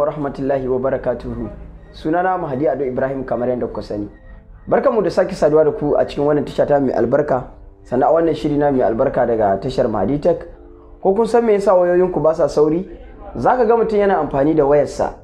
alaikum wa rahmatullahi wa barakatuhu sunana Mahadi Ado Ibrahim kamar yadda kuka sani barkamu da sake saduwa da ku a cikin wannan tasha ta mai albarka sannan a wannan shiri na mai albarka daga tashar Mahadi Tech ko kun san me yasa wayoyinku ba sa sauri zaka ga mutum yana amfani da wayarsa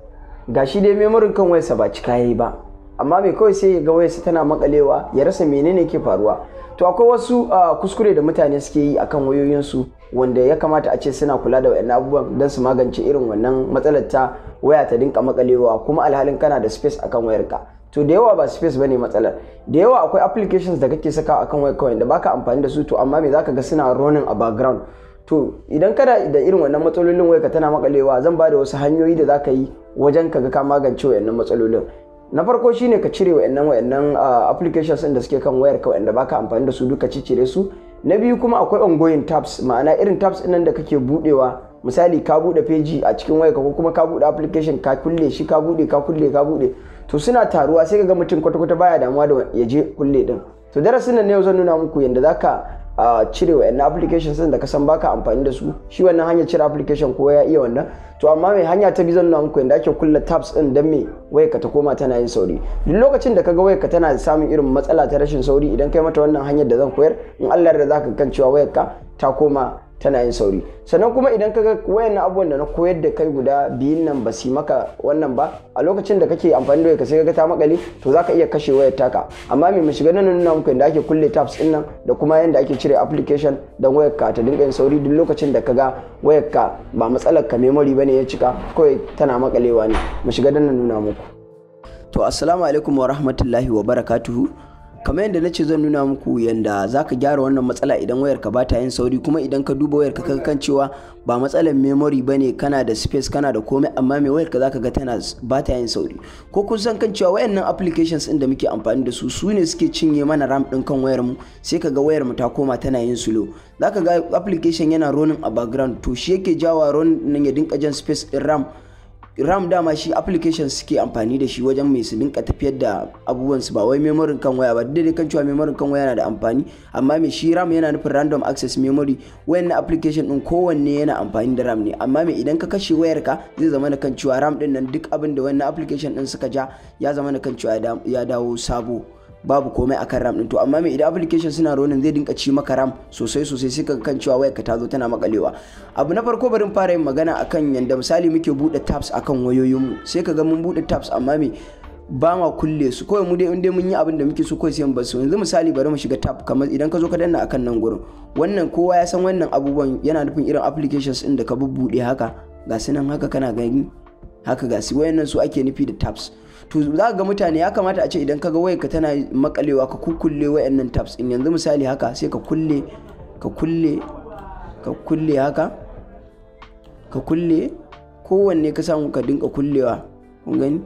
gashi dai memorin kan wayarsa ba cika yayi ba amma me kawai sai ya ga wayarsa tana makalewa ya rasa menene ke faruwa to akwai wasu ah, kuskure da mutane suke yi akan wayoyinsu wanda ya kamata a ce suna kula da wayannan abubuwan don su magance irin wannan matsalar ta waya ta dinka makalewa kuma alhalin kana da space akan wayarka to da yawa ba space bane matsalar da yawa akwai applications da kake saka akan wayarka wanda baka amfani da su to amma me zaka ga suna running a background to idan kana da irin wannan matsalolin wayarka tana makalewa zan ba da wasu hanyoyi da zaka yi wajen ka ga ka magance wayannan matsalolin na farko shine ka cire wayannan wayannan ah, applications din da suke kan wayarka wayanda baka amfani da su duka cicire su na biyu kuma akwai ongoing tabs ma'ana irin tabs nan da kake budewa misali ka bude feji a cikin wayarka ko kuma ka bude application ka kulle shi ka bude ka kulle ka bude to suna taruwa sai ga mutum kwata-kwata baya damuwa da ya je kulle din to darasin nan ne yau zan nuna muku yadda zaka a cire wa'annan application sun da kasan baka amfani da su shi wannan hanya cire application ko ya iya wannan to amma mai hanya ta zan nan ku da ake kulle tabs din dan me waya ka ta koma tana yin sauri duk lokacin da kaga waya ka tana samun irin matsala ta rashin sauri idan kai mata wannan hanyar da zan koyar in Allah ya zaka kan cewa wayar ka ta koma tana yin sauri sannan kuma idan ka ga wayannan abubuwan da na koyar da kai guda biyun nan ba su maka wannan ba a lokacin da kake amfani da wayarka sai ka ta makale to zaka iya kashe wayar taka amma mai shiga nan nuna muku yadda ake kulle tabs din nan da kuma yadda ake cire application don wayarka ta dinga yin sauri duk lokacin da ka ga wayar ka ba matsalar ka memory bane ya cika kawai tana makalewa ne mu shiga nan nuna muku to assalamu alaikum wa rahmatullahi wa barakatuhu kamar yadda na ce zan nuna muku yadda za ka gyara wannan matsala idan wayar ka bata yin sauri kuma idan ka duba wayar ka kaga kan cewa ba matsalar memory ba ne kana da space kana da komai amma mai wayar ka za ka ga tana bata yin sauri ko kun san kan cewa wayannan applications din da muke amfani da su su ne suke cinye mana ram din kan wayar mu sai ka ga wayar mu ta koma tana yin slow za ka ga application yana running a background to shi yake jawa running nan ya dinka jan space din ram ram dama shi application suke amfani da shi wajen mai su dinka tafiyar da abubuwan su ba wai memory kan waya ba daidai kan cewa memory kan waya na da amfani amma mai shi ram yana nufin random access memory wayan application din kowanne yana amfani da ram ne amma mai idan ka kashe wayar ka zai zama da kan cewa ram din nan duk abin da wannan application din suka ja ya zama da kan cewa ya dawo sabo babu komai akan ram din to amma me idan application suna ronin zai dinka ci maka ram sosai sosai sai kaga kan cewa wayar ka ta zo tana makalewa abu na farko barin fara yin magana akan yanda misali muke bude tabs akan wayoyin mu sai kaga mun bude tabs amma me ba ma kulle su kawai mu dai inda mun yi abin da muke so kawai sai mu bar su yanzu misali bari mu shiga tab kamar idan ka zo ka danna akan nan gurin wannan kowa ya san wannan abubuwan yana nufin irin applications din da ka bubbude haka ga sunan nan haka kana gani haka ga su wayannan su ake nufi da tabs to za ga mutane ya kamata a ce idan kaga wayar ka tana makalewa ka kukkulle wayannan tabs in yanzu misali haka sai ka kulle ka kulle ka kulle haka ka kulle kowanne ka samu ka dinka kullewa kun gani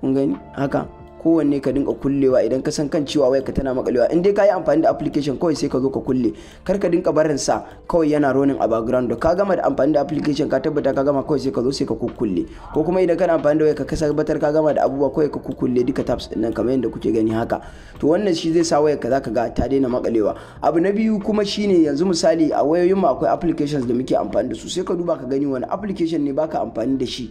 kun gani haka kowanne ka dinga kullewa idan ka san kan cewa ka tana makalewa in dai ka yi amfani da application kawai sai ka zo ka kulle kar ka dinga barin sa kawai yana ronin a background ka gama da amfani da application ka tabbata ka gama kawai sai ka zo sai ka kulle ko kuma idan kana amfani da wayarka ka batar ka gama da abubuwa kawai ka kukkulle duka tabs din nan kamar yadda kuke gani haka to wannan shi zai sa ka zaka ga ta daina makalewa abu na biyu kuma shine yanzu misali a wayoyin mu akwai applications da muke amfani da su sai ka duba ka gani wani application ne baka amfani da shi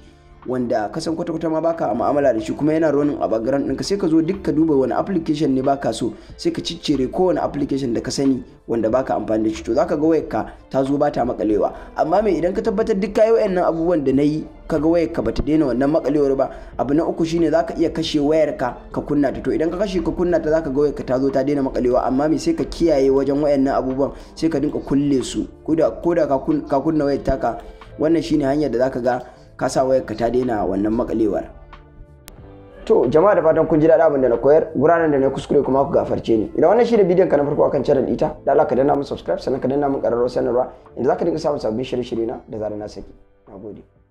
wanda kasan kwata-kwata ma baka ma'amala da shi kuma yana running a background ɗinka sai ka zo duk ka duba wani application ne baka so sai ka ciccire kowane application da ka sani wanda baka amfani da shi to zaka ga wayarka ta zo bata makalewa amma me idan ka tabbatar duk kayi wayannan abubuwan da nayi kaga wayarka bata daina wannan makalewar ba abu na uku shine zaka iya kashe wayarka ka kunna ta to idan ka kashe ka kunna ta zaka ga wayarka ta zo ta daina makalewa amma me sai ka kiyaye wajen wayannan abubuwan sai ka dinka kulle su koda koda ka kunna wayar taka wannan shine hanyar da zaka ga ka sa wayarka ta daina wannan makalewar to jama'a da fatan kun ji daɗa abin da na koyar guranan da na kuskure kuma ku gafarce ni idan wannan shi da bidiyon ka na farko akan channel ita da Allah ka danna mun subscribe sannan ka danna mun ƙararrawar sanarwa inda za ka dinga samun sabbin shirye-shirye na da zarar na saki nagode